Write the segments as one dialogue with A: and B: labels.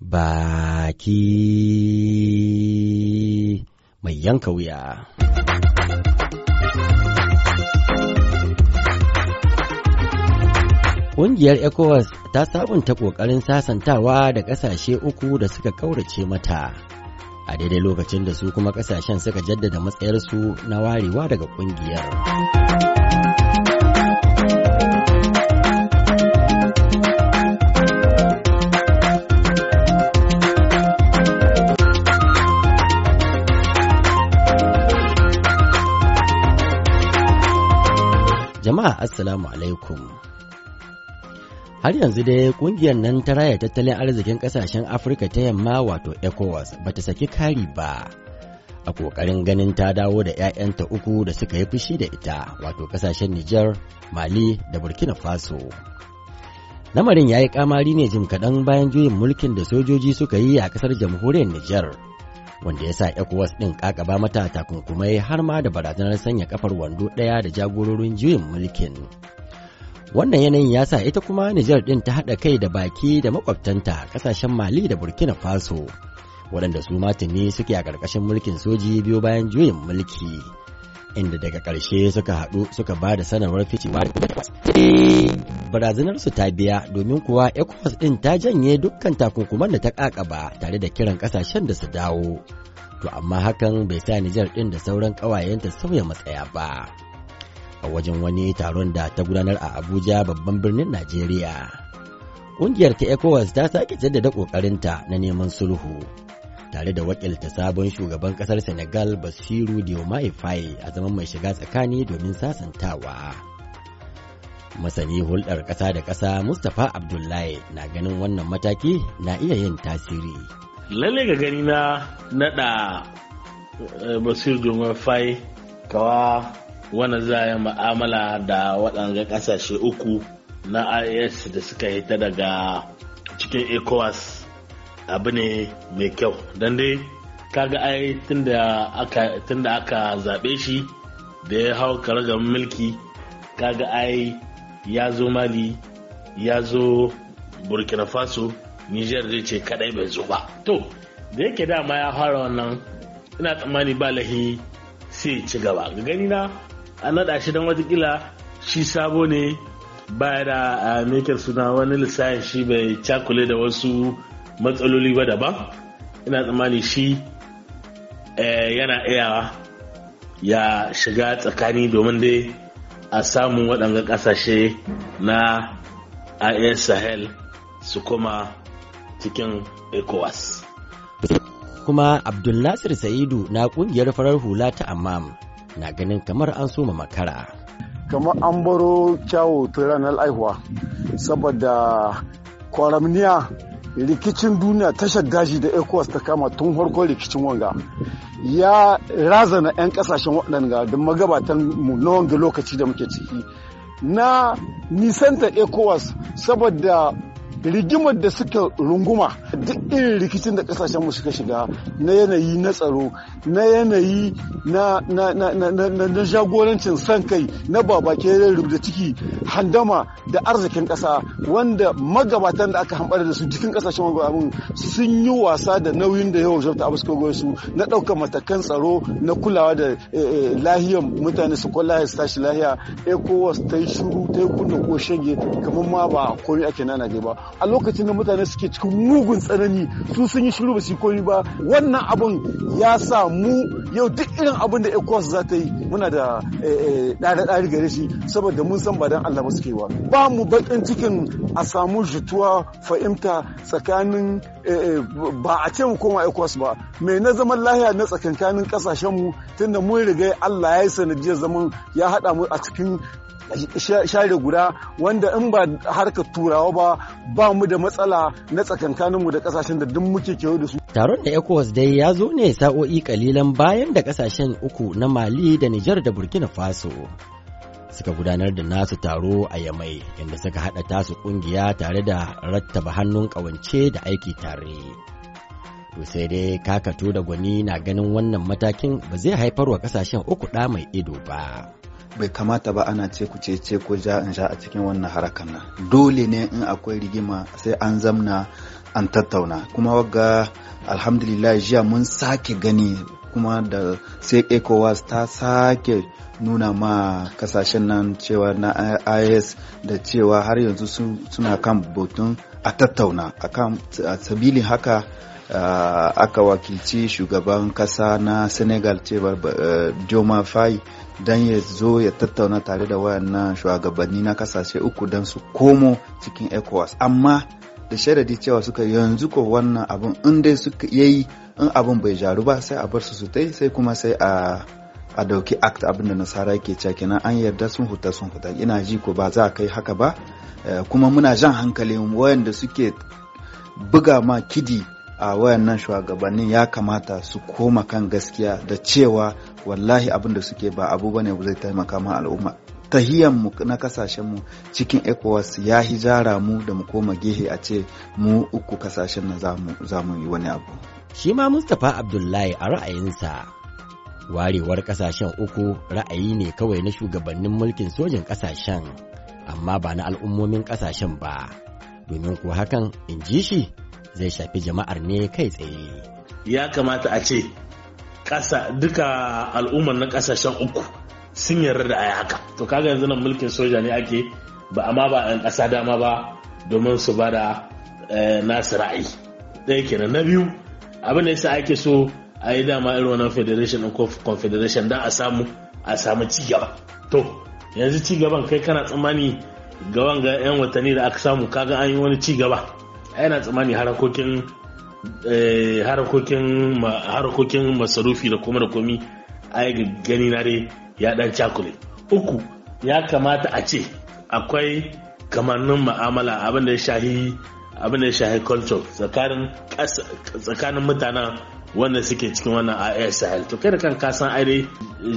A: baki mai yanka wuya. Ƙungiyar ECOWAS ta sabunta ƙoƙarin sasantawa da ƙasashe uku da suka ƙaurace mata. A daidai lokacin da su kuma ƙasashen suka jaddada matsayarsu na warewa daga ƙungiyar. Jama'a Assalamu alaikum. Har yanzu dai kungiyar nan ta raya tattalin arzikin kasashen Afirka ta yamma wato ECOWAS ba ta saki kari ba. A ƙoƙarin ganin ta dawo da 'ya'yanta uku da suka yi fushi da ita wato kasashen Nijar, Mali da Burkina Faso. Lamarin ya yi kamari ne jim kaɗan bayan juyin mulkin da sojoji suka yi a ƙasar jamhuriyar Nijar. wanda ya sa ECOWAS ɗin ƙaƙaba mata takunkumai har ma da barazanar sanya kafar wando ɗaya da jagororin juyin mulkin. Wannan yanayin ya sa ita kuma Nijar ɗin ta haɗa kai da baki da makwabtanta ƙasashen Mali da Burkina Faso, waɗanda su matuni suke a ƙarƙashin mulkin soji biyo bayan juyin mulki. inda daga ƙarshe suka haɗu suka ba da sanarwar ficewa da kuma barazanar su ta biya domin kuwa ecowas ɗin ta janye dukkan takunkuman da ta ƙaƙaba tare da kiran ƙasashen da su dawo to amma hakan bai sa nijar ɗin da sauran ƙawayenta sauya matsaya ba a wajen wani taron da ta gudanar a abuja babban birnin najeriya ƙungiyar ta ecowas ta sake jaddada ƙoƙarinta na neman sulhu tare da wakilta sabon shugaban kasar Senegal Basiru Diomaye Faye a zaman mai shiga tsakani domin sasantawa. Masani hulɗar ƙasa da ƙasa Mustapha Abdullahi na ganin wannan mataki na iya yin tasiri.
B: Lalle ga gani na naɗa eh, Basiru Diomaye fai kawa wani za ma'amala da waɗanga ƙasashe uku na IS da suka hita daga cikin ECOWAS abu ne mai kyau don dai kaga ai tunda aka aka zaɓe shi da ya hau karagar mulki kaga ai ya zo mali ya zo burkina faso niger zai ce kadai bai zo ba to da yake dama ya fara wannan ina tsammani ba lahi sai ci gaba ga gani na an naɗa shi don watakila shi sabo ne baya da a suna wani lissayin shi bai cakule da wasu matsaloli ba daban ina tsammani shi eh, yana iyawa ya shiga tsakani domin dai a samun waɗanga ƙasashe na is sahel su kuma cikin
A: ecowas kuma abdulnasir sa'idu na ƙungiyar farar hula ta amam na ganin kamar an soma makara
C: kamar an baro kyawu ranar aihuwa saboda kwaramniya rikicin duniya tashar daji da ecowas ta kama tun farkon rikicin wanga ya razana 'yan kasashen waɗanda da magabatan mu na wanga lokaci da muke ciki na nisanta ecowas saboda rigimar da suka runguma duk irin rikicin da kasashen mu suka shiga na yanayi na tsaro na yanayi na jagorancin san kai na babake da ciki handama da arzikin kasa wanda magabatan da aka hambara da su cikin kasashen mabamin sun yi wasa da nauyin da yawan zurta abu suka su na ɗaukar matakan tsaro na kulawa da eh, eh, lahiyar mutane su kwallaye su tashi lahiya ecowas ta yi shuru ta yi kunna ko shege kamar ma ba komai ake nana ba a lokacin da mutane suke cikin mugun tsanani su sun yi shiru ba su komi ba wannan abun ya sa mu yau duk irin abin da ecos za ta yi muna da eh, eh, ɗari gare shi saboda mun san ba dan allah ba suke ba ba mu bakin cikin a samu jituwa fahimta tsakanin eh, ba a ce mu koma ecos ba me na zaman lahiya na tsakankanin mu tunda mun riga allah ya yi sanadiyar zaman ya haɗa mu a cikin share guda wanda in ba harka turawa ba ba mu da matsala na tsakankaninmu da kasashen da
A: duk muke kewa da su. Taron da ECOWAS dai ya zo ne sa'o'i kalilan bayan da kasashen uku na Mali da Nijar da Burkina Faso. suka gudanar da nasu taro a yamai inda suka haɗa tasu ƙungiya tare da rattaba hannun ƙawance da aiki tare. To sai dai kakato da gwani na ganin wannan matakin ba zai haifar wa ƙasashen uku ɗa mai ido ba.
D: bai kamata ba ana ce ku ce ko ja in sha a cikin wannan harakan nan dole ne in akwai rigima sai an zamna an tattauna kuma waga alhamdulillah jiya mun sake gani kuma da sai ecowas ta sake nuna ma kasashen nan cewa na is da cewa har yanzu suna kan batun a tattauna akan sabilin haka uh, aka wakilci shugaban kasa na senegal cewa uh, joma fai don ya zo ya tattauna tare da wayannan shugabanni na kasashe uku don su komo cikin ecowas amma da sharadi cewa suka yanzu ko wannan abin in suka yayi in abin bai jaru ba sai a bar su su tai sai kuma sai a a dauki act abinda nasara yake cewa kenan an yarda sun huta sun huta ina ji ko ba za a kai haka ba eh, kuma muna jan hankalin wayanda suke buga ma kidi a wayannan shugabannin ya kamata su koma kan gaskiya da cewa wallahi abinda suke ba abu bane zai taimaka ma al'umma mu na kasashen mu cikin ecowas ya hijara mu da mu koma gehe a ce mu uku kasashen na
A: zamu yi wani abu shi ma mustapha abdullahi a ra'ayinsa warewar kasashen uku ra'ayi ne kawai na shugabannin mulkin sojin kasashen amma ba na al'ummomin kasashen ba domin ko hakan in ji shi zai shafi jama'ar ne kai tsaye
B: ya kamata a ce ƙasa duka al'ummar na kasashen uku sun yarda da ayi haka to kaga yanzu nan mulkin soja ne ake ba amma ba 'yan ƙasa dama ba domin su bada eh, nasu ra'ayi ɗaya kenan na biyu abin da yasa ake so a yi dama irin wannan federation ko confederation da a samu a samu gaba to yanzu ci gaban kai kana tsammani ga wanga 'yan watanni da aka samu kaga an yi wani ci gaba yana tsammani harakokin eh, harakokin masarufi da kuma da komi yi gani na dai ya dan cakule uku ya kamata a ce akwai kamannin ma'amala abin da ya shahi abin ya shahi culture tsakanin mutanen Wannan suke cikin wannan ayar sahel to kai da kan kasan aire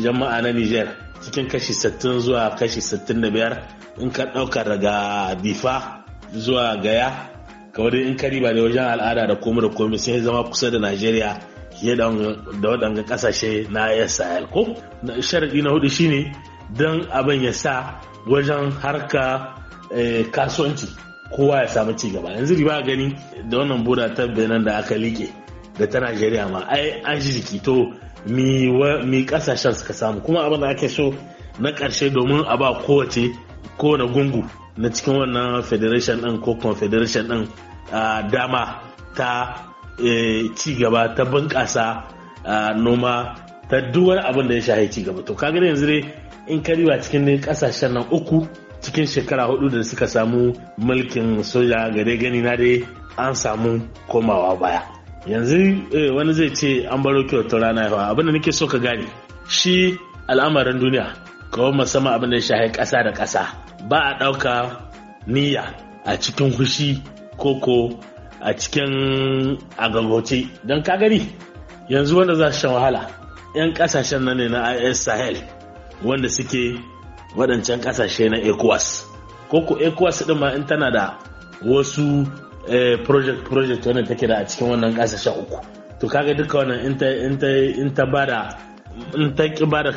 B: jama'a na niger cikin kashi 60 zuwa kashi 65 in ka ɗauka daga Bifa zuwa gaya kawai in ka riba da wajen al'ada da komai da komai sai zama kusa da najeriya fiye da waɗanga ƙasashe na ayar sahel ko sharaɗi na hudu shine don abin ya sa wajen harka eh, kasuwanci kowa ya samu ci gaba yanzu riba gani da wannan buda ta benin da aka liƙe da ta Najeriya ma ai an ji jiki to mi kasashen suka samu kuma abin da ake so na ƙarshe domin a ba kowace kowane gungu na cikin wannan federation din ko confederation din dama ta e, ci gaba ta bunƙasa noma ta duwar abin da ya shahi ci gaba to kaga yanzu ne in kariwa cikin kasashen nan uku cikin shekara hudu da suka samu mulkin soja gare gani na dai an samu komawa baya yanzu eh, wani zai ce an baro kyauta rana yawa abin da nake so ka gane shi al'amarin duniya kawai musamman abin da ya shahi ƙasa da ƙasa ba a ɗauka niyya a cikin hushi koko a cikin agagoce don ka gani yanzu wanda za su shan wahala 'yan kasashen nan ne na is sahel wanda suke waɗancan ƙasashe na ecowas koko ecowas ɗin ma in tana da wasu Eh, project project wannan take da a cikin wannan kasashen uku to kaga duka wannan in ta in ta in ta bada in ta ki bada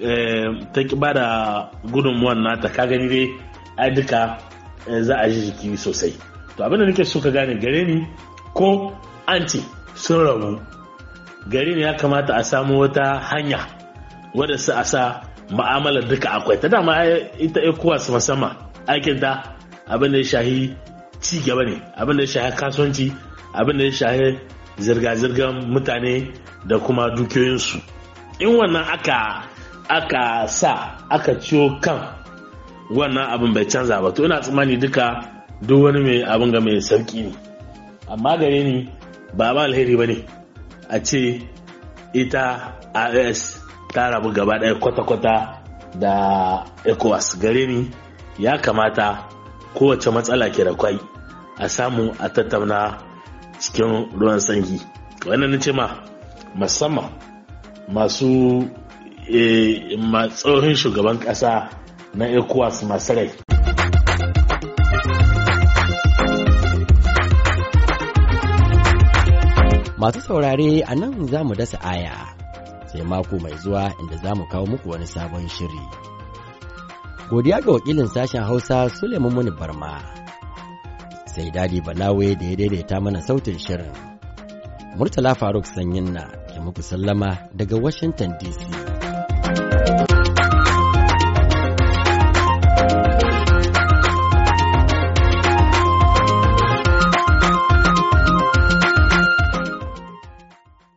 B: eh, ta ki bada gudunmuwan nata kaga ni dai a duka eh, za a ji jiki sosai to abinda nake so ka gane gare ni ko an ce sun rabu gare ni ya kamata a samu wata hanya wadda su a sa ma'amalar duka akwai ta dama ita ekuwa sama sama aikin ta abin da ya shahi ci gaba ne abin da ya shahi kasuwanci abin da ya shahi zirga-zirgar mutane da kuma dukiyoyinsu in wannan aka aka sa aka ciyo kan wannan abin bai canza ba to ina tsammani duka duk wani mai abin ga mai sauki ne amma gare ni ba ba alheri ba ne a ce ita rs ta rabu gaba ɗaya kwata-kwata da ecowas gare ni ya kamata kowace matsala ke da kwai a samu a tattauna cikin ruwan sanyi wannan ce ma musamman masu eh, tsohon shugaban ƙasa na ecowas masu rai
A: masu saurare a nan za mu dasa aya sai mako mai zuwa inda za mu kawo muku wani sabon shiri. godiya ga wakilin sashen hausa suleiman muni barma sai dadi balawe da ya daidaita mana sautin shirin murtala faruk sanyin na ke muku sallama daga washington dc